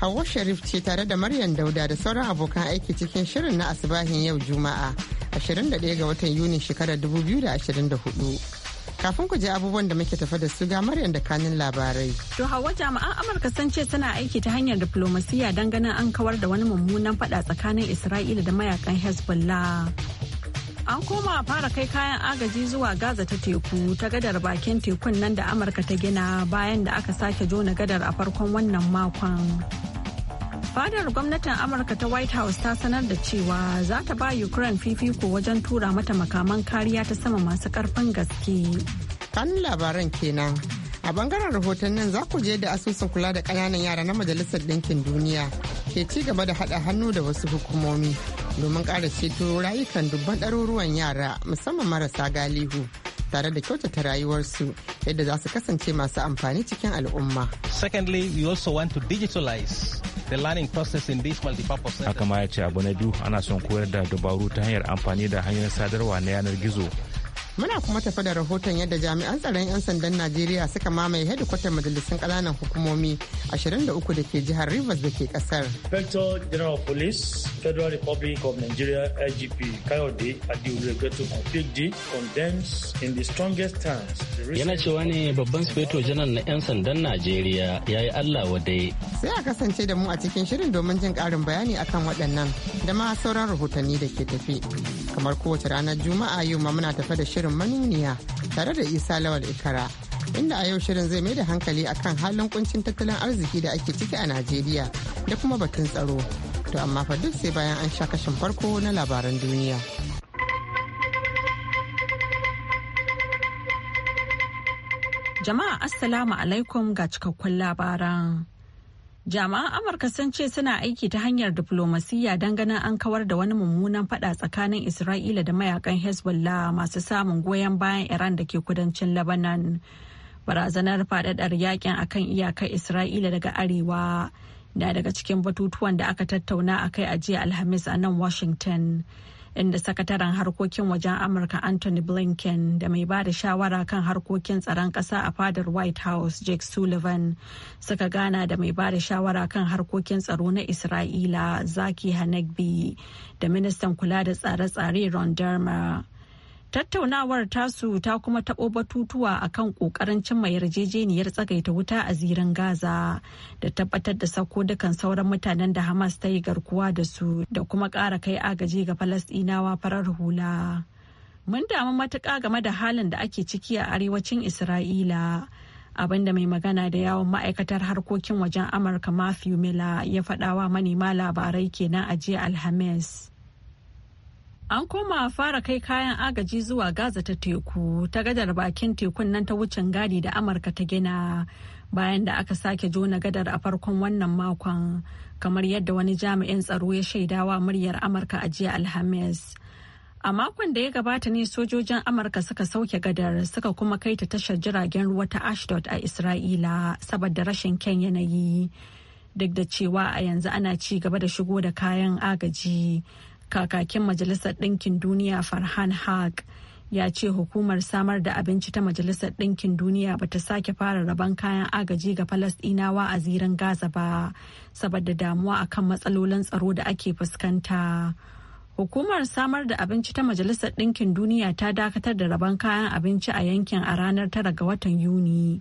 Hauwa Sharif ce tare da Maryam Dauda da sauran abokan aiki cikin shirin na asibahin yau Juma'a 21 ga watan Yuni shekarar 2024. Kafin ku ji abubuwan da muke tafa da su ga Maryam da kanin labarai. To Hauwa jami'an Amurka sun ce suna aiki ta hanyar diplomasiya don ganin an kawar da wani mummunan fada tsakanin Isra'ila da mayakan Hezbollah. An koma fara kai kayan agaji zuwa Gaza ta teku ta gadar bakin tekun nan da Amurka ta gina bayan da aka sake jona gadar a farkon wannan makon. fadar gwamnatin amurka ta white house ta sanar da cewa za ta ba ukraine fifiko wajen tura mata makaman kariya ta sama masu karfin gaske kan labaran kenan a bangaren rahotannin za ku je da asusun kula da kananan yara na majalisar ɗinkin duniya ke ci gaba da haɗa hannu da wasu hukumomi domin ƙara ceto rayukan dubban ɗaruruwan yara musamman marasa galihu tare da kyautata rayuwarsu yadda za su kasance masu amfani cikin al'umma. Secondly, we also want to digitalize The learning process in this multi-purpose Haka ma ya ce abu na biyu ana son koyar da dabaru ta hanyar amfani da hanyar sadarwa na yanar gizo Muna kuma tafi da rahoton yadda jami'an tsaron 'yan sandan Najeriya suka mamaye hedikwatar majalisun kananan hukumomi 23 da ke jihar Rivers da ke kasar. Inspector General of Police, Federal Republic of Nigeria, IGP Kayode condemns in the strongest terms. Yana cewa ne babban Sufeto Janar na 'yan sandan Najeriya ya yi Allah wadai. Sai a kasance da mu a cikin shirin domin jin karin bayani akan waɗannan da ma sauran rahotanni da ke tafi. kamar kowace ranar Juma'a yau ma muna tafe da shirin manuniya tare da Isa Lawal Ikara. Inda a yau shirin zai mai da hankali a kan halin kuncin tattalin arziki da ake ciki a Najeriya da kuma batun tsaro. To amma fa duk sai bayan an sha kashin farko na labaran duniya. Jama'a Assalamu alaikum ga cikakkun labaran. Jami'an Amurka sun ce suna aiki ta hanyar diflomasiyya don ganin an kawar da wani mummunan fada tsakanin Isra'ila da mayakan Hezbollah masu samun goyon bayan Iran da ke kudancin Lebanon. Barazanar fadadar yakin akan iyakar Isra'ila daga arewa na daga cikin batutuwan da aka tattauna a kai a jiya Alhamis a nan Washington. inda sakataren harkokin wajen amurka anthony blinken da mai ba da shawara kan harkokin tsaron ƙasa a fadar white house jake sullivan suka gana da mai ba da shawara kan harkokin tsaro na isra'ila zaki hanegbi da ministan kula da tsare-tsare ron dermer Tattaunawar tasu ta kuma taɓo batutuwa a kan ƙoƙarin cimma yarjejeniyar tsagaita wuta a zirin Gaza da tabbatar da sauko dukan sauran mutanen da Hamas ta yi garkuwa da su da kuma ƙara kai agaji ga Falasɗinawa farar hula. Mun damu matuƙa game da halin da ake ciki a arewacin Isra'ila. abinda mai magana da yawon ma'aikatar harkokin wajen amurka matthew miller ya faɗawa manema labarai kenan a jiya alhamis An koma fara kai kayan agaji zuwa Gaza ta teku ta gadar bakin tekun nan ta wucin gadi da Amurka ta gina bayan da aka sake jona gadar a farkon wannan makon kamar yadda wani jami'in tsaro ya shaidawa muryar Amurka a jiya Alhamis. A makon da ya gabata ne sojojin Amurka suka sauke gadar suka kuma kai ta tashar jiragen ruwa ta Ashdod a Isra'ila saboda rashin kyan yanayi duk da cewa a yanzu ana ci gaba da shigo da kayan agaji. kakakin majalisar ɗinkin duniya farhan haq ya ce hukumar samar da abinci ta majalisar ɗinkin duniya ba ta sake fara rabon kayan agaji ga falasɗinawa a zirin gaza ba saboda damuwa akan matsalolin tsaro da ake fuskanta hukumar samar da abinci ta majalisar ɗinkin duniya ta dakatar da rabon kayan abinci a yankin a ranar tara ga watan yuni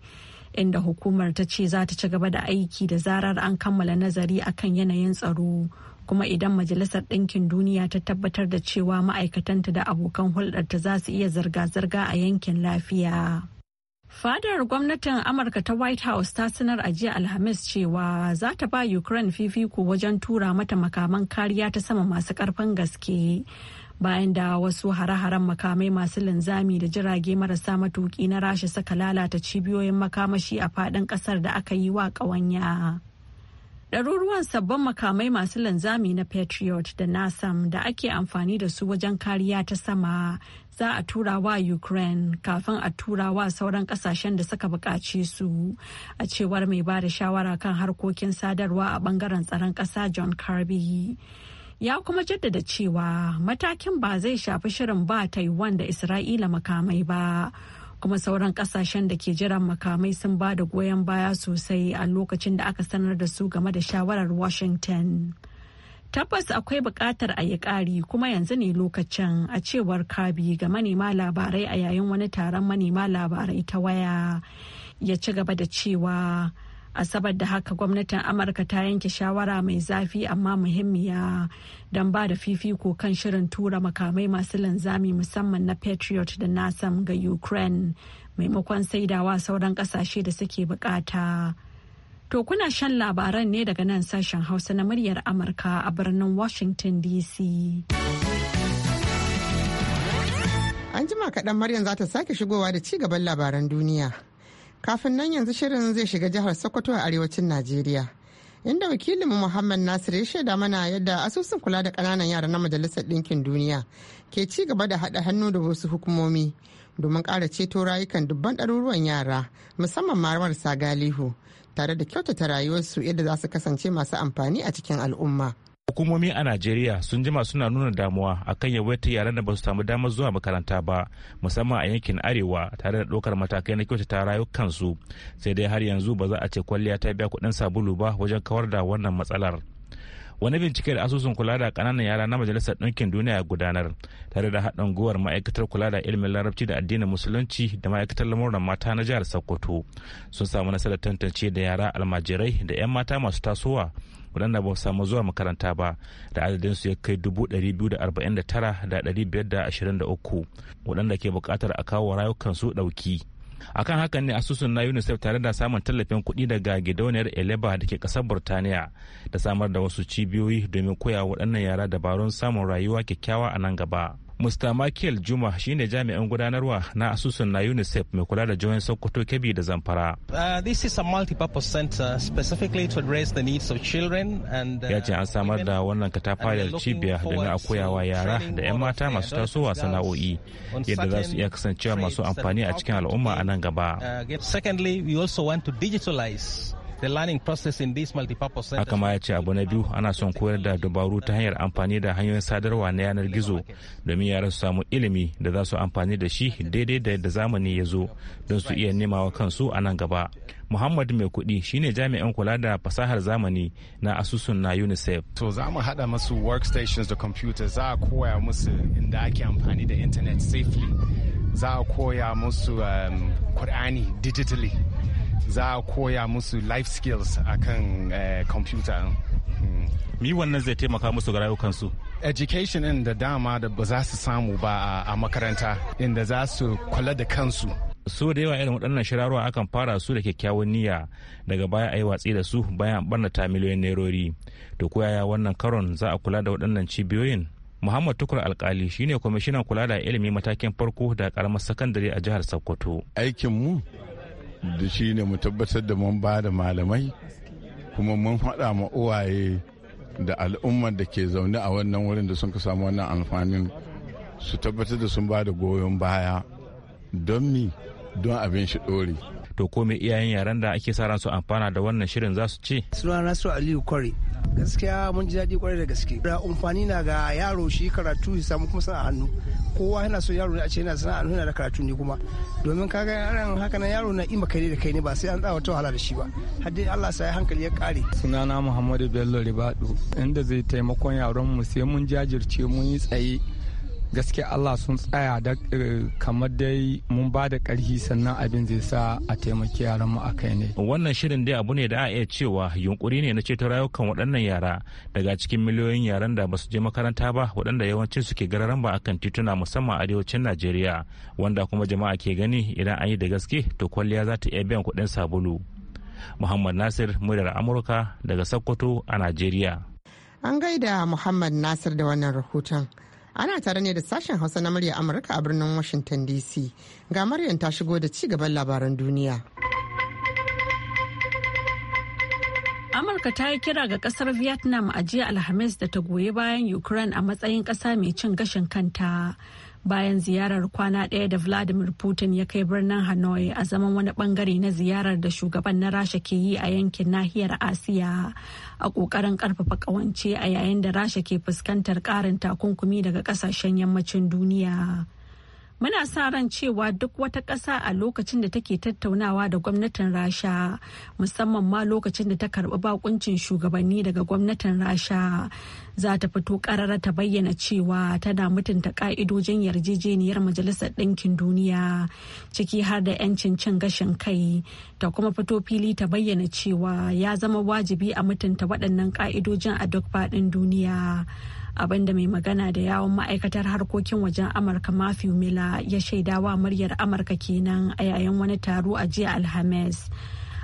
inda hukumar ta ce za ta ci gaba da aiki da zarar an kammala nazari akan yanayin tsaro kuma idan majalisar ɗinkin duniya ta tabbatar da cewa ma'aikatanta da abokan hulɗarta za su iya zirga-zirga a yankin lafiya. Fadar gwamnatin Amurka ta White House ta sanar a jiya Alhamis cewa za ta ba Ukraine fifiko wajen tura mata makaman kariya ta sama masu ƙarfin gaske. Bayan da wasu hare-haren makamai masu linzami da jirage marasa matuki na rasha saka lalata cibiyoyin makamashi a faɗin ƙasar da aka yi wa ƙawanya. Ɗaruruwan sabbin makamai masu linzami na Patriot da NASAM da ake amfani da su wajen kariya ta sama za a tura wa Ukraine kafin a tura wa sauran kasashen da suka buƙace su a cewar mai ba da shawara kan harkokin sadarwa a bangaren tsaron ƙasa John Kirby. Ya kuma jaddada cewa matakin ba zai shafi shirin ba Taiwan da Isra'ila makamai ba. kuma sauran kasashen da ke jiran makamai sun ba da goyon baya sosai a lokacin da aka sanar da su game da shawarar washington tabbas akwai bukatar a yi kari kuma yanzu ne lokacin a cewar kabi ga manema labarai a yayin wani taron manema labarai ta waya ya ci gaba da cewa asabar da haka gwamnatin amurka ta yanke shawara mai zafi amma muhimmiya don ba da fifiko kan shirin tura makamai masu linzami musamman na patriot da nasam ga ukraine maimakon saidawa sauran kasashe da suke bukata to kuna shan labaran ne daga nan sashen hausa na muryar amurka a birnin washington dc an jima kaɗan maryam za ta sake shigowa da ci gaban labaran duniya Kafin nan yanzu shirin zai shiga jihar Sokoto a arewacin Najeriya. Inda wakilinmu Muhammad Nasir ya shaida mana yadda asusun kula da ƙananan yara na Majalisar Ɗinkin Duniya ke ci gaba da haɗa hannu da wasu hukumomi domin ƙara ceto rayukan dubban ɗaruruwan yara musamman ma marasa galihu tare da kyautata rayuwarsu yadda za su kasance masu amfani a cikin al'umma. Hukumomi a Najeriya sun jima suna nuna damuwa akan yawaitar yaran da ba su samu damar zuwa makaranta ba musamman a yankin arewa tare da ɗaukar matakai na kyautata rayukansu sai dai har yanzu ba za a ce kwalliya ta biya kuɗin sabulu ba wajen kawar da wannan matsalar. Wani bincike da asusun kula da ƙananan yara na Majalisar Ɗinkin Duniya ya gudanar tare da haɗin gwiwar ma'aikatar kula da ilimin larabci da addinin musulunci da ma'aikatar lamuran mata na jihar Sokoto sun samu nasarar tantance da yara almajirai da 'yan mata masu tasowa waɗanda ba samu zuwa makaranta ba da adadin su ya kai dubu uku waɗanda ke buƙatar a kawo rayukan su ɗauki. akan hakan ne asusun na unicef tare da samun tallafin kuɗi daga gidauniyar eleba da ke ƙasar burtaniya da samar da wasu cibiyoyi domin koya waɗannan yara dabarun samun rayuwa kyakkyawa a nan gaba. Mr. Michael Juma shine jami'in gudanarwa na asusun na UNICEF mai kula da jihohin Sokoto, Kebbi da Zamfara. Uh, this is a multi-purpose center to address the needs of children and uh, Ya ce an samar da wannan katafayar cibiya domin a koyawa yara da 'yan mata masu tasowa sana'o'i yadda za su iya kasancewa masu amfani a cikin al'umma a nan gaba. Uh, secondly, we also want to digitalize The learning process in this Haka ma ya ce abu na biyu ana son koyar da dabaru ta hanyar amfani da hanyoyin sadarwa na yanar gizo domin yara su samu ilimi da za su amfani da shi daidai da yadda zamani ya zo don su iya nemawa kansu a nan gaba. Muhammad Mai Kuɗi shine jami'an kula da fasahar zamani na asusun na UNICEF. To za mu haɗa masu workstations da computers za a koya musu inda ake amfani da internet safely za a koya musu um, Kur'ani digitally za a koya musu life skills a kan eh, computer mi hmm. wannan zai taimaka musu ga rayukansu education in da dama da ba za su samu ba a makaranta inda za su kula da kansu so da yawa irin waɗannan shirarwa akan fara su da kyakkyawan niyya daga baya a yi watsi da su bayan barnata miliyoyin nerori to koyaya wannan karon za a kula da waɗannan cibiyoyin muhammad tukur alkali shine kwamishinan kula da ilimi matakin farko da karamar sakandare a jihar sokoto Aikinmu. da shi ne mu tabbatar da mun ba da malamai kuma mun haɗa ma uwaye da al'ummar da ke zaune a wannan wurin da sun ka samu wannan amfanin su tabbatar da sun ba da goyon baya don mi don abin shi ɗori. to ko me iyayen yaran da ake sa ran su amfana da wannan shirin za su ce suna nasu aliyu kwari gaskiya mun ji daɗi kwarai da gaske da amfani na ga yaro shi karatu ya samu kuma sana'a hannu kowa yana so yaro ne a ce yana sana'a hannu yana da karatu ne kuma domin kaga yaran haka nan yaro na ima kai ne da kai ne ba sai an tsawa ta wahala da shi ba har dai Allah sa ya hankali ya kare sunana Muhammadu Bello Ribadu inda zai taimakon yaron mu sai mun jajirce mun yi tsaye gaske Allah sun tsaya da eh, kamar dai mun ba da ƙarfi sannan abin zai sa a taimaki yaran mu akai ne. Wannan shirin dai abu ne da a iya cewa yunkuri ne na ceto rayukan waɗannan yara daga cikin miliyoyin yaran da basu je makaranta ba waɗanda yawancin suke gararan ba akan tituna musamman a arewacin Najeriya wanda kuma jama'a ke gani idan an yi da gaske to kwalliya za ta iya biyan kuɗin sabulu. Muhammad Nasir muryar Amurka daga Sokoto a Najeriya. An gaida Muhammad Nasir da wannan rahoton. ana tare ne da sashen hausa na murya amurka a birnin washington dc ga maryam ta shigo da ci gaban labaran duniya amurka ta yi kira ga kasar vietnam a jiya alhamis da ta goyi bayan ukraine a matsayin kasa mai cin gashin kanta bayan ziyarar kwana ɗaya da vladimir putin ya kai birnin hanoi a zaman wani bangare na ziyarar da shugaban na rasha ke yi a yankin nahiyar asiya a ƙoƙarin ƙarfafa ƙawance a yayin da rasha ke fuskantar ƙarin takunkumi daga ƙasashen yammacin duniya muna sa ran cewa duk wata ƙasa a lokacin da take tattaunawa da gwamnatin rasha musamman ma lokacin da ta karɓi bakuncin shugabanni daga gwamnatin rasha za ta fito ƙarara ta bayyana cewa tana mutunta ƙa'idojin yarjejeniyar majalisar ɗinkin duniya ciki har da 'yancin cin gashin kai ta kuma fito fili ta bayyana cewa ya zama wajibi a mutunta waɗannan ƙa'idojin a duk faɗin duniya. abinda mai magana da yawon ma'aikatar harkokin wajen amurka matthew miller ya shaida wa muryar amurka kenan a yayin wani taro a jiya alhamis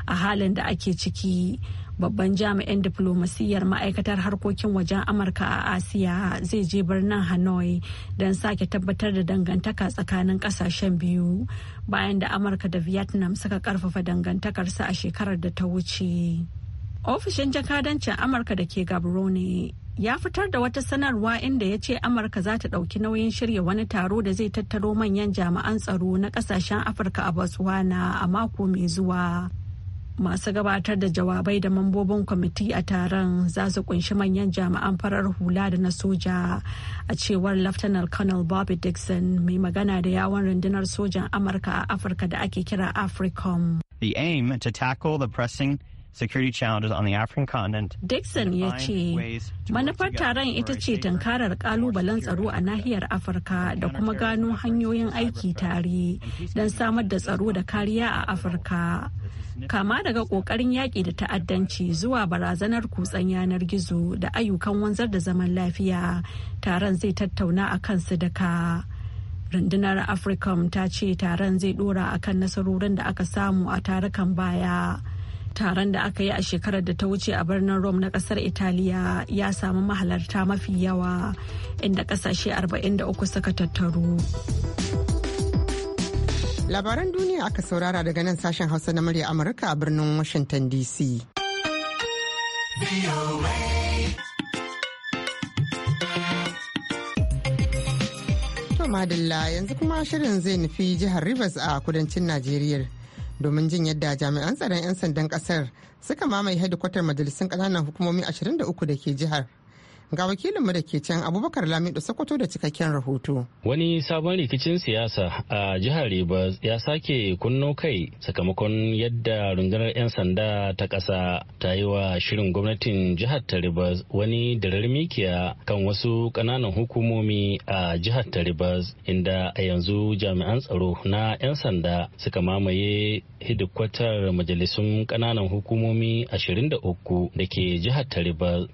a halin da ake ciki babban jami'in diflomasiyyar ma'aikatar harkokin wajen amurka a asiya zai je birnin hanoi don sake tabbatar da dangantaka tsakanin kasashen biyu bayan da amurka da vietnam suka karfafa dangantakarsu a shekarar da ta wuce ofishin jakadancin amurka da ke gabroni. ya fitar da wata sanarwa inda ya ce amurka za ta ɗauki nauyin shirya wani taro da zai tattaro manyan jami'an tsaro na ƙasashen afirka a botswana a mako mai zuwa masu gabatar da jawabai da mambobin kwamiti a taron za su kunshi manyan jami'an farar hula da na soja a cewar laftanar colonel bobby dixon mai magana da yawon rundunar sojan amurka a afirka da ake kira africom the aim to tackle the pressing security challenges on the African continent. Dixon ya ce manufar taron ita ce tunkarar kalubalen tsaro a nahiyar Afirka da kuma gano hanyoyin aiki tare don samar da tsaro da kariya a Afirka. Kama daga kokarin yaƙi da ta'addanci zuwa barazanar kutsen yanar gizo da ayyukan wanzar da zaman lafiya taron zai tattauna a kansu da ka. Rundunar Africom ta ce taron zai dora akan nasarorin da aka samu a tarukan baya. taron da aka yi a shekarar da ta wuce a birnin rome na kasar italiya ya samu mahalarta mafi yawa inda kasashe 43 suka tattaru labaran duniya aka saurara daga nan sashen hausa na murya amurka a birnin washington dc madalla yanzu kuma shirin zai nufi jihar rivers a kudancin najeriya domin jin yadda jami'an tsaron 'yan sandan kasar suka mamaye hedikwatar majalisun ƙananan hukumomi 23 da ke jihar. ga wakilinmu da ke can abubakar lamido sokoto da cikakken rahoto wani sabon rikicin siyasa a jihar ribas ya sake kunno kai sakamakon yadda rundunar 'yan sanda ta ƙasa ta yi wa shirin gwamnatin jihar ta wani darar mikiya kan wasu ƙananan hukumomi a jihar ta inda a yanzu jami'an tsaro na 'yan sanda suka mamaye hidikwatar majalisun ƙananan hukumomi 23 da ke jihar ta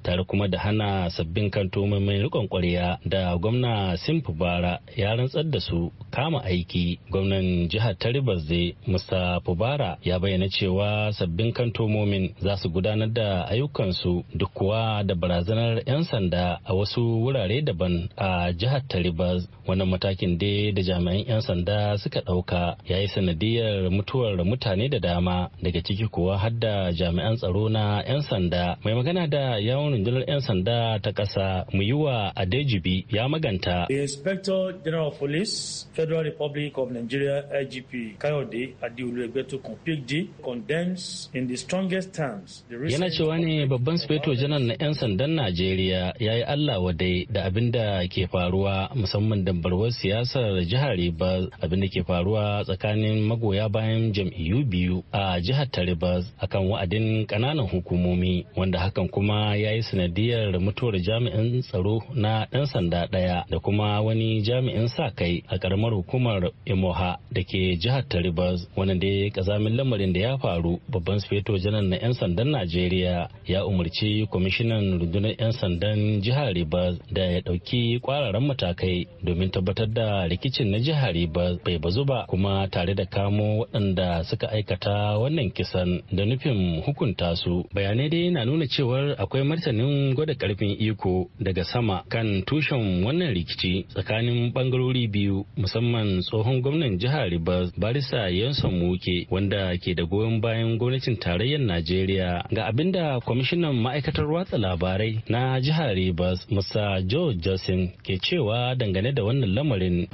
tare kuma da hana sabbin sabbin kantomomin rikon kwarya da gwamna simfu bara ya rantsar da su kama aiki gwamnan jihar taribazze musa fubara ya bayyana cewa sabbin kantomomin za su gudanar da ayyukansu duk kuwa da barazanar 'yan sanda a wasu wurare daban a jihar Taribas. wannan matakin dai da jami'an 'yan sanda suka ɗauka ya yi sanadiyar mutuwar mutane da dama daga ciki kuwa har da jami'an tsaro na 'yan sanda mai magana da yawon rundunar 'yan sanda ta ƙasa Muyiwa Adejibi ya maganta. The Inspector General of Police, Federal Republic of Nigeria IGP Kayode Adiolu egbetokun PhD condemns in the strongest terms Yana cewa ne babban Sufeto Janar na 'yan sandan Najeriya ya yi Allah wadai da abin da ke faruwa musamman dambarwar siyasar jihar Ribas abin da ke faruwa tsakanin magoya bayan jam'iyyu biyu a jihar taribas akan wa'adin kananan hukumomi wanda hakan kuma ya yi sanadiyar mutuwar jami'in tsaro na ɗan sanda ɗaya da kuma wani jami'in sa kai a ƙaramar hukumar Imoha da ke jihar Taribas da ya kazamin lamarin da ya faru babban sufeto janar na 'yan sandan Najeriya ya umarci kwamishinan rundunar 'yan sandan jihar Ribas da ya ɗauki ƙwararren matakai domin tabbatar da rikicin na jihar Ribas bai bazu ba kuma tare da kamo waɗanda suka aikata wannan kisan da nufin hukunta su bayanai dai na nuna cewar akwai martanin gwada ƙarfin iko daga sama kan tushen wannan rikici tsakanin bangarori biyu musamman tsohon gwamnan jihar Ribas Barisa Yanson Muke wanda ke da goyon bayan gwamnatin tarayyar Najeriya ga abinda kwamishinan ma'aikatar watsa labarai na jihar Ribas Musa George Johnson ke cewa dangane da wannan lamarin.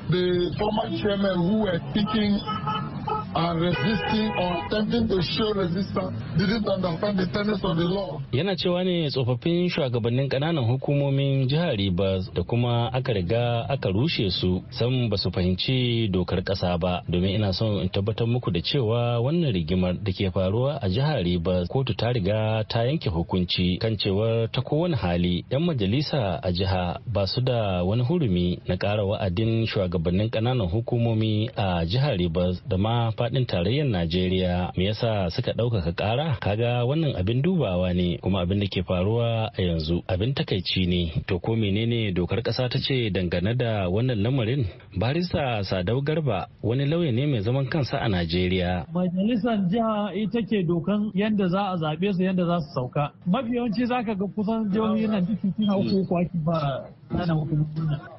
Yana cewa ne tsofaffin shugabannin ƙananan hukumomin jihar Rivers da kuma aka riga aka rushe su san ba su fahimci dokar ƙasa ba domin ina son in tabbatar muku da cewa wannan rigimar da ke faruwa a jihar Rivers kotu ta riga ta yanke hukunci kan cewar ta kowane hali 'yan majalisa a jiha ba su da wani hurumi na ƙara wa'adin shugabannin ƙananan hukumomi a jihar Rivers da ma fadin tarayyar Najeriya me yasa suka ɗaukaka ƙara kaga wannan abin dubawa ne kuma abin da ke faruwa a yanzu abin takaici ne to ko menene dokar ƙasa ta ce dangane da wannan lamarin barista Sadau Garba wani lauya ne mai zaman kansa a Najeriya majalisar jiha ita ke dokan yadda za a zaɓe su yadda za su sauka mafi yawanci zaka ga kusan jihohi nan duk suna uku ba tana wakilin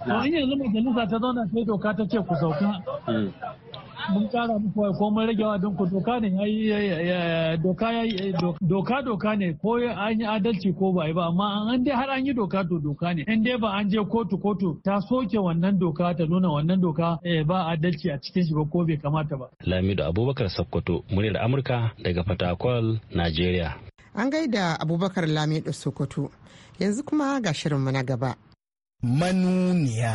yanzu majalisa ta zauna sai doka ta ce ku sauka hmm. mun kara muku ko mun rage wa ku doka ne doka doka doka ne ko an yi adalci ko ba yi ba amma an dai har an yi doka to doka ne in dai ba an je kotu kotu ta soke wannan doka ta nuna wannan doka eh, ba adalci a cikin shi ba ko bai kamata ba Lamido Abubakar Sokoto muryar Amurka daga Fatakwal Najeriya an gaida Abubakar Lamido Sokoto yanzu kuma ga shirinmu na gaba manuniya.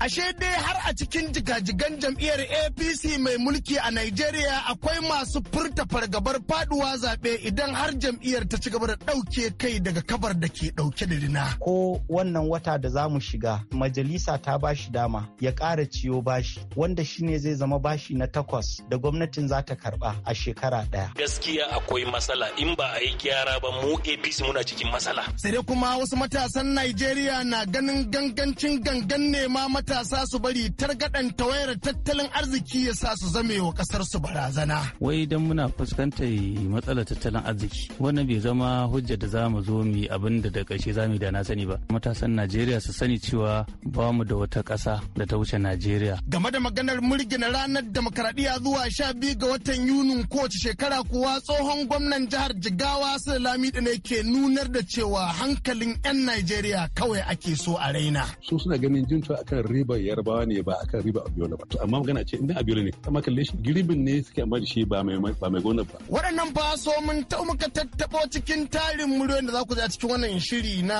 Ashe dai har a cikin jigajigan jam'iyyar apc mai mulki a Najeriya akwai masu furta fargabar faduwa zaɓe idan har jam'iyyar ta ci gaba da ɗauke kai daga kabar da ke ɗauke da rina ko wannan wata da zamu shiga majalisa ta bashi dama ya ƙara ciyo bashi wanda shine zai zama bashi na takwas da gwamnatin za ta karba a shekara ɗaya gaskiya akwai matsala in ba a yi gyara ba mu apc muna cikin matsala sai dai kuma wasu matasan nigeria na ganin gangancin gangan ne ma matasa su bari targaɗanta wayar tattalin arziki ya sa su zame wa ƙasar su barazana. Wai idan muna fuskantar matsalar tattalin arziki wannan bai zama hujja da za mu zo mu abin da da ƙarshe za mu da na sani ba. Matasan Najeriya su sani cewa ba mu da wata ƙasa da ta wuce Najeriya. Game da maganar murgina ranar demokaradiyya zuwa sha biyu ga watan Yunin kowace shekara kuwa tsohon gwamnan jihar Jigawa su Lamidu ne ke nunar da cewa hankalin 'yan Najeriya kawai ake so a raina. Su suna ganin jinta akan ribar yarbawa ne ba. ba a kan riba Abiola ba. To amma magana ce inda Abiola ne amma kalle shi girbin ne suke amma da shi ba mai ba gonar ba. Waɗannan ba so mun ta muka tattabo cikin tarin muryoyin da za ku ji a cikin wannan shiri na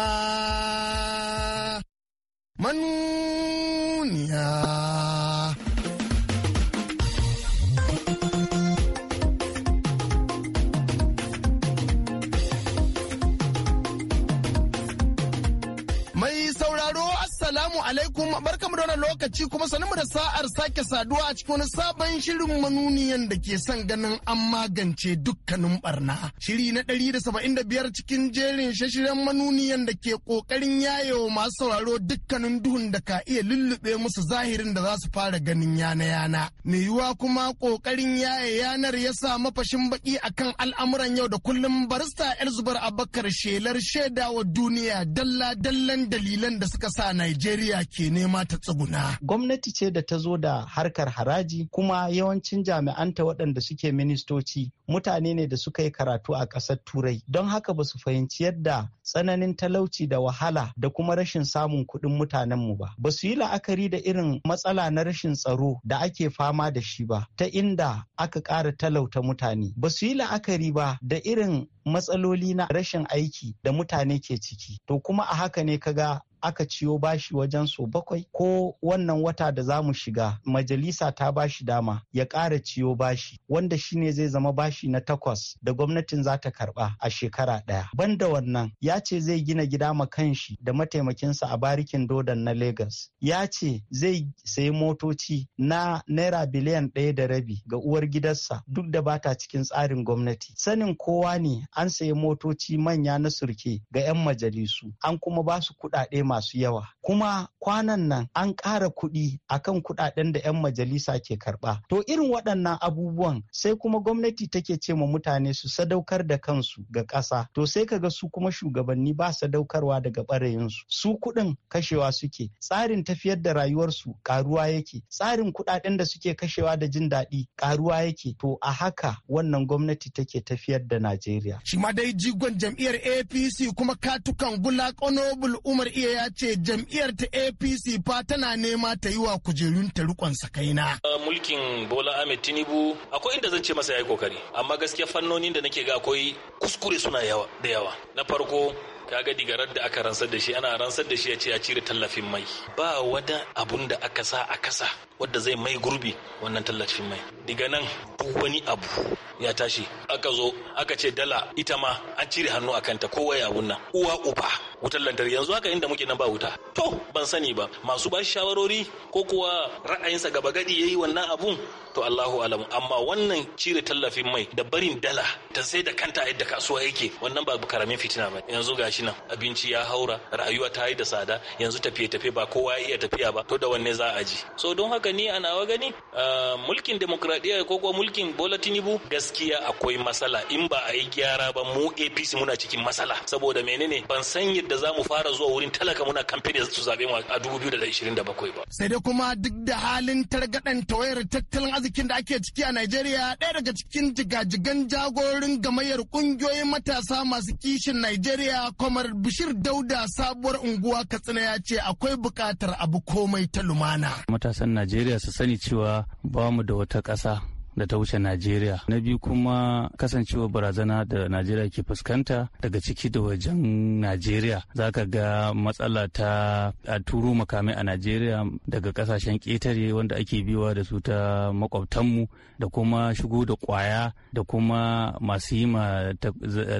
manuniya. da lokaci kuma sanin da sa'ar sake saduwa a cikin wani sabon shirin manuniyan da ke son ganin an magance dukkanin barna. Shiri na ɗari da saba'in da biyar cikin jerin shashiren manuniyan da ke ƙoƙarin yayewa masu sauraro dukkanin duhun da ka iya lullube musu zahirin da za su fara ganin yana-yana. Mai yiwuwa kuma ƙoƙarin yaye yanar ya sa mafashin baki akan al'amuran yau da kullum barista yar zubar abakar shelar shaidawa duniya dalla-dallan dalilan da suka sa Najeriya ke nema ta tsuguna. Gwamnati ce da ta zo da harkar haraji kuma yawancin jami'anta waɗanda suke ministoci mutane ne da suka yi karatu a ƙasar Turai. Don haka ba su fahimci yadda tsananin talauci da wahala da kuma rashin samun kuɗin mutanenmu ba. Ba su yi la'akari da irin matsala na rashin tsaro da ake fama da shi ba ta inda aka ƙara talauta mutane. Ba su yi la'akari ba da irin matsaloli na rashin aiki da mutane ke ciki. To kuma a haka ne kaga aka ciyo bashi wajen so bakwai ko wannan wata da za mu shiga majalisa ta bashi dama ya ƙara ciyo bashi wanda shine zai zama bashi na takwas da gwamnatin za ta karba a shekara ɗaya. Banda wannan ya ce zai gina gida ma kanshi da mataimakinsa a barikin dodon na Legas. Ya ce zai sayi motoci na naira biliyan ɗaya da rabi ga uwar gidansa duk da ba ta cikin tsarin gwamnati. Sanin kowa ne an sayi motoci manya na surke ga 'yan majalisu an kuma ba su kuɗaɗe masu yawa kuma kwanan nan an ƙara kuɗi a kan kuɗaɗen da 'yan majalisa ke karɓa to irin waɗannan abubuwan sai kuma gwamnati take ce ma mutane su sadaukar da kansu ga ƙasa to sai ka ga su kuma shugabanni ba sadaukarwa daga ɓarayinsu su kuɗin kashewa suke tsarin tafiyar da rayuwarsu ƙaruwa yake tsarin kuɗaɗen da suke kashewa da jin daɗi ƙaruwa yake to a haka wannan gwamnati take tafiyar da Najeriya. Shi ma dai jigon jam'iyyar APC kuma katukan Bulak Onobul Umar Iya ya ce jam'iyyar jam'iyyar ta apc fa tana nema ta yi wa kujerun ta rikon sakaina mulkin bola ahmed tinubu akwai inda zan ce masa yayi kokari amma gaskiya fannonin da nake ga akwai kuskure suna da yawa na farko ga digarar da aka ransar da shi ana ransar da shi ya ce ya cire tallafin mai ba wada abun da aka sa a kasa wadda zai mai gurbi wannan tallafin mai diga nan duk wani abu ya tashi aka zo aka ce dala ita ma an cire hannu a kanta kowa abun nan uwa uba wutar lantarki yanzu haka inda muke nan ba wuta to ban sani ba masu ba shawarori ko kuwa ra'ayinsa gaba gadi yayi wannan abun to Allahu alamu amma wannan cire tallafin mai da barin dala ta sai da kanta yadda kasuwa yake wannan ba karamin fitina ba yanzu gashi nan abinci ya haura rayuwa ta yi da tsada yanzu tafiye tafiye ba kowa ya iya tafiya ba to da wanne za a ji so don haka ni a nawa gani ah, mulkin demokradiya ko kuwa mulkin Bola Tinubu gaskiya akwai matsala in ba a yi gyara ba mu APC muna cikin matsala saboda menene ban san da za mu fara zuwa wurin talaka muna kamfe su zaɓe mu a dubu biyu da da ishirin bakwai ba. Sai dai kuma duk da halin targaɗan tawayar tattalin arzikin da ake ciki a Najeriya ɗaya daga cikin jigajigan jagorin gamayyar ƙungiyoyin matasa masu kishin Najeriya kamar Bishir Dauda sabuwar unguwa Katsina ya ce akwai buƙatar abu komai ta lumana. Matasan Najeriya su sani cewa ba mu da wata ƙasa da ta wuce najeriya na biyu kuma kasancewa barazana da najeriya ke fuskanta daga ciki da wajen najeriya za ka ga matsala ta a turo makamai a najeriya daga kasashen ƙetare wanda ake biwa da su ta makwabtanmu da kuma shigo da kwaya da kuma masu yi ma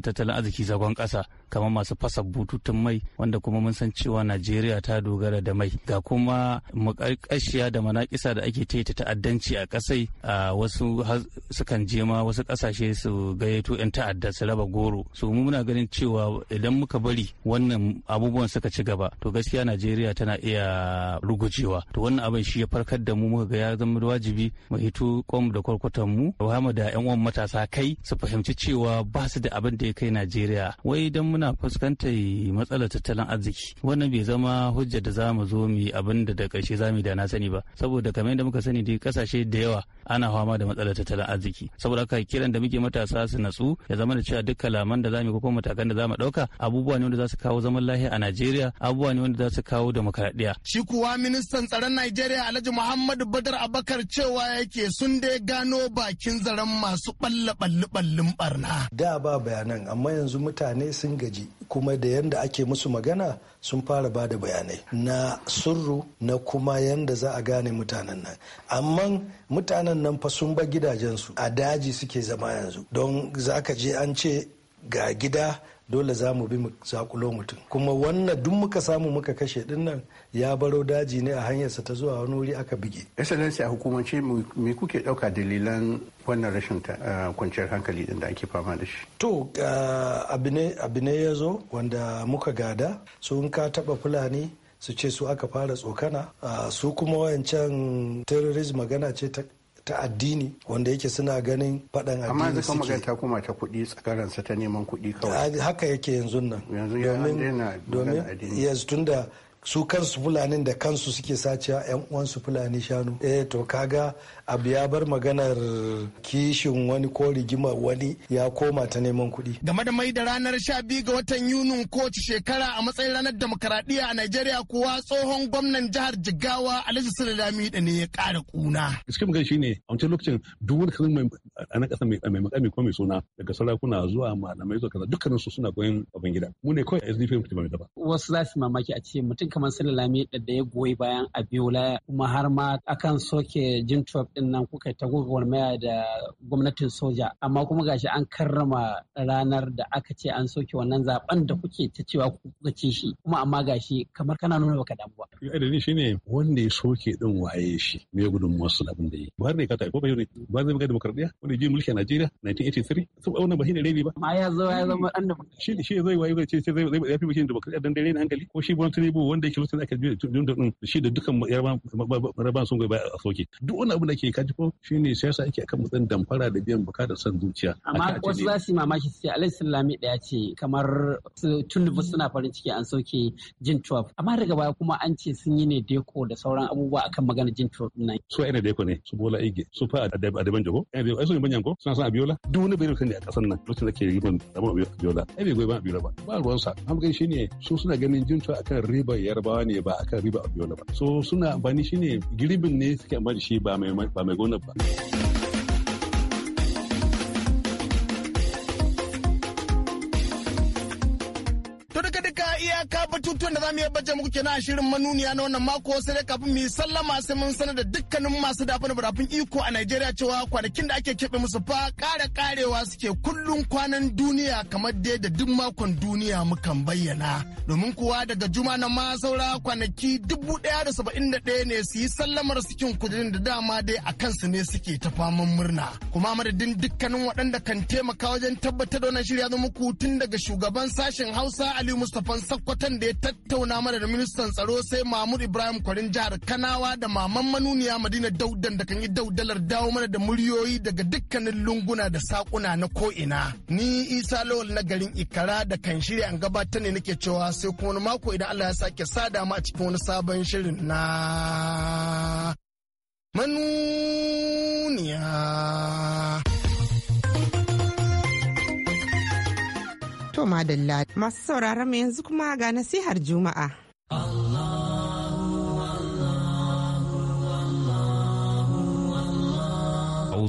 tattalin arziki zagon ƙasa kamar masu fasa bututun mai wanda kuma mun san cewa najeriya ta dogara da mai ga kuma mukarkashiya da manakisa da ake ta ta'addanci a kasai a wasu sukan je ma wasu kasashe su gayyato 'yan ta'adda su raba goro su mu muna ganin cewa idan muka bari wannan abubuwan suka ci gaba to gaskiya najeriya tana iya rugujewa to wannan abin shi ya farkar da mu muka ga ya zama wajibi mu hito kwam da kwarkwatan mu da 'yan uwan matasa kai su fahimci cewa ba su da abin da ya kai najeriya wai idan muna fuskantar matsalar tattalin arziki wannan bai zama hujja da za mu zo mu abin da da ƙarshe za mu da na sani ba saboda kamar yadda muka sani dai kasashe da yawa ana fama da matsalar tattalin arziki saboda haka kiran da muke matasa su natsu ya zama da cewa duk kalaman da za mu ko matakan da za mu ɗauka abubuwa ne wanda za su kawo zaman lahiya a Najeriya abubuwa ne wanda za su kawo demokradiya. Shi kuwa ministan tsaron Najeriya Alhaji Muhammadu Badar Abakar cewa yake sun dai gano bakin zaren masu balle balle ballin barna. Da ba bayanan amma yanzu mutane sun gaji gaji kuma da yanda ake musu magana sun fara ba da bayanai na surru na kuma yanda za a gane mutanen nan amma mutanen nan fa sun ba gidajensu a daji suke zama yanzu don za ka je an ce ga gida dole za mu bi mu zakulo mutum kuma wannan duk muka samu muka kashe din nan ya baro daji ne a hanyarsa ta zuwa wani wuri aka bige excellency a hukumance me kuke dauka dalilan wannan rashin kwanciyar hankali din da ake fama da shi to abu ne ya zo wanda muka gada su in ka taba fulani su ce su aka fara tsokana su kuma wayancan terrorism magana ce ta ta addini wanda yake suna ganin faɗan addini amma zaka magana kuma ta kuɗi sa ta neman kuɗi kawai haka yake yanzu nan yanzu ya domin yes tunda su kansu fulanin da kansu suke sacewa yan uwansu fulani shanu eh to kaga abu ya bar maganar kishin wani ko rigimar wani ya koma ta neman kuɗi game da mai da ranar sha biyu ga watan yunin kowace shekara a matsayin ranar demokaradiyya a najeriya kuwa tsohon gwamnan jihar jigawa alhaji sulalami da ne ya ƙara kuna cikin magana shine a wancan lokacin duk wani kan mai ana ƙasa mai makami ko mai suna daga sarakuna zuwa malamai zuwa kaza dukkanin su suna goyon babangida mu ne kawai sdp mu ba wasu za su mamaki a ce mutum kamar su lalami da ya goyi bayan abiola kuma har ma akan soke jin trump din nan kuka ta gwagwarmaya da gwamnatin soja amma kuma gashi an karrama ranar da aka ce an soke wannan zaben da kuke ta cewa kuka ce shi kuma amma gashi kamar kana nuna baka damu ba shi ne. wanda ya soke din waye shi mai gudun wasu abin da yi buhari ne kata ko bai ne buhari zai ga demokradiya wanda ji mulki a najeriya 1983 sun auna ba ne reni ba amma ya zo ya zama ɗan da shi shi zai waye ce zai zai demokradiya dan dare ne hankali ko shi ne wanda yake lokacin aka biyo tun da shi da sun a soke duk wani da ke kaji ko ne siyasa ake akan mutsan damfara da biyan bukatar son zuciya amma wasu za su mamaki su ce alai sallami ce kamar suna farin ciki an soke jin 12 amma daga baya kuma an ce ce sun yi ne deko da sauran abubuwa akan magana jin trot nan. Su ina deko ne su bola ige su fa a daban jago ina deko ai sun yi banyan ko suna son abiola duk wani bayan ne a kasan nan lokacin da ke yi ban zaman abiola ai bai goyi ban abiola ba ba ruwan sa an shi ne su suna ganin jin trot akan riba yarbawa ne ba akan riba abiola ba so suna amfani ne girbin ne suke amfani shi ba mai ba mai gona ba. To daga duka iyaka batutuwan da za mu baje muku kenan a shirin manuniya na wannan mako sai dai kafin mu sallama sai mun sanar da dukkanin masu dafa da barafin iko a Najeriya cewa kwanakin da ake keɓe musu fa ƙara ƙarewa suke kullum kwanan duniya kamar dai da duk makon duniya mukan bayyana. Domin kuwa daga juma na ma saura kwanaki dubu ɗaya da saba'in da ɗaya ne su yi sallamar cikin kudin da dama dai a kansu ne suke ta faman murna. Kuma madadin dukkanin waɗanda kan taimaka wajen tabbatar da wannan shirya zo muku tun daga shugaban sashen Hausa Ali Aliyu mustapha sakkwatan da ya tattauna mana da ministan tsaro sai mahmud ibrahim kwarin jihar kanawa da maman manuniya madina daudan da kan yi daudalar dawo mana da muryoyi daga dukkanin lunguna da sakuna na ko'ina ni isa lawal na garin ikara da kan shirya an gabatar ne nake cewa sai kuma wani mako idan allah ya sake sada ma a cikin wani sabon shirin na manu madalla. Masu sauraron mu yanzu kuma ga nasihar Juma'a.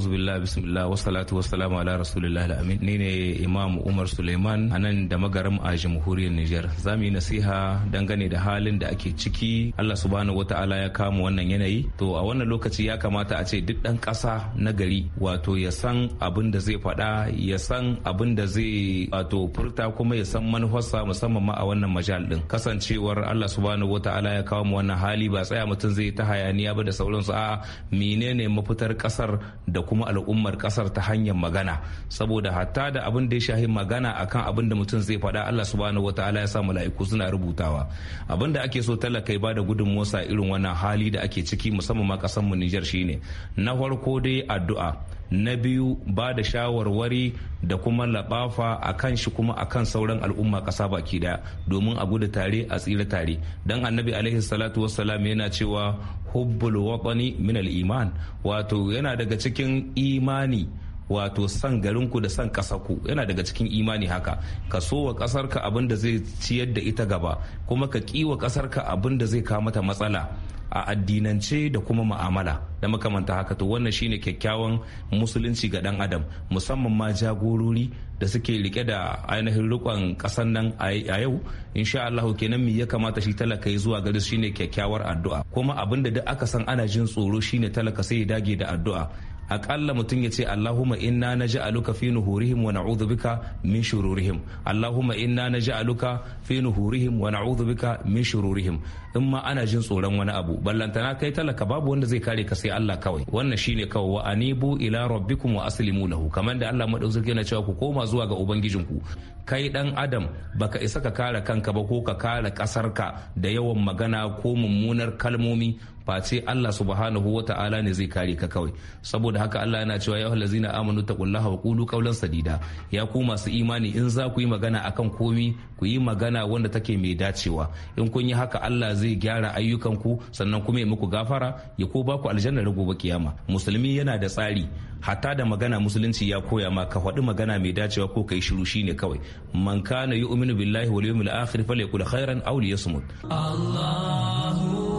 a'udhu billahi bismillah wassalatu wassalamu ala rasulillah alamin ni ne imam umar suleiman a nan da magarin a jamhuriyar niger za mu yi nasiha dangane da halin da ake ciki allah subhanahu wataala ya kama wannan yanayi to a wannan lokaci ya kamata a ce duk dan kasa na gari wato ya san abin da zai faɗa ya san abin da zai wato furta kuma ya san manufarsa musamman ma a wannan majal din kasancewar allah subhanahu wataala ya kawo mu wannan hali ba tsaya mutum zai ta hayaniya ba da sauransu a menene mafitar kasar da kuma al'ummar kasar ta hanyar magana saboda hatta da abin da ya shahi magana akan abin da mutum zai faɗa Allah subhanahu wataala ya sa mala'iku suna rubutawa abin da ake so talaka ba da gudunmuwarsa irin wannan hali da ake ciki musamman ma kasar mu Niger shine na farko dai addu'a na biyu ba da shawarwari da kuma labafa a kan shi kuma a kan sauran al'umma kasa baki daya domin a gudu tare a tsira tare dan annabi alaihi salatu wassalam yana cewa hubbul waqani min iman wato yana daga cikin imani wato san garinku da san ku yana daga cikin imani haka ka so wa kasarka abin da zai ciyar da ita gaba kuma ka wa ƙasarka abin da zai kawo mata matsala a addinance da kuma ma'amala da makamanta haka to wannan shine kyakkyawan musulunci ga dan adam musamman ma jagorori da suke rike da ainihin rikon kasan nan a yau insha Allah kenan me ya kamata shi talaka ya zuwa gari shine kyakkyawar addu'a kuma abinda duk aka san ana jin tsoro shine talaka sai ya dage da addu'a akalla mutum ya ce allahumma inna na ja'aluka fi nuhurihim wa na'udhu bika min shururihim allahumma inna na ja'aluka fi nuhurihim wa na'udhu bika min shururihim in ma ana jin tsoron wani abu ballantana kai talaka babu wanda zai kare ka sai Allah kawai wannan shine kawai wa anibu ila rabbikum wa aslimu lahu kamar da Allah madaukakin yana cewa ku koma zuwa ga ubangijinku kai dan adam baka isa ka kare kanka ba ko ka kare kasarka da yawan magana ko mummunar kalmomi face Allah subhanahu wa ta'ala ne zai kare ka kawai saboda haka Allah yana cewa ya na amanu taqullaha wa qulu qawlan sadida ya ku masu imani in za ku yi magana akan komi ku yi magana wanda take mai dacewa in kun yi haka Allah zai gyara ayyukan ku sannan kuma ya muku gafara ya ko ba ku aljanna gobe kiyama musulmi yana da tsari hatta da magana musulunci ya koya ma ka faɗi magana mai dacewa ko kai shiru shine kawai man kana yu'minu billahi wal yawmil akhir falyakul khairan aw liyasmut Allahu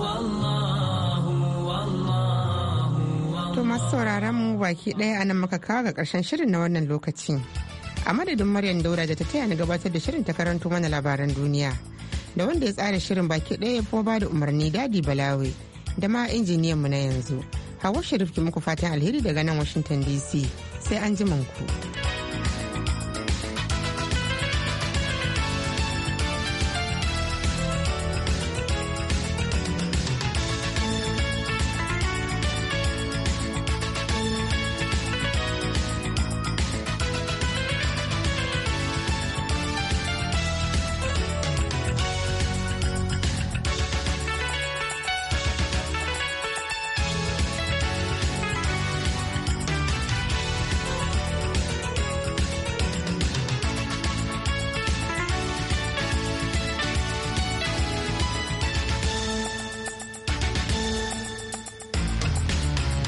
To masu sauraron mu baki ɗaya anan muka kawo ga ƙarshen shirin na wannan lokaci. A madadin Maryam Daura da ta taya ni gabatar da shirin ta karanto mana labaran duniya. Da wanda ya tsara shirin baki ɗaya ya ba da umarni Dadi Balawe da ma injiniyan mu na yanzu. Hawa Sharif ki muku fatan alheri daga nan Washington DC. Sai an ji ku.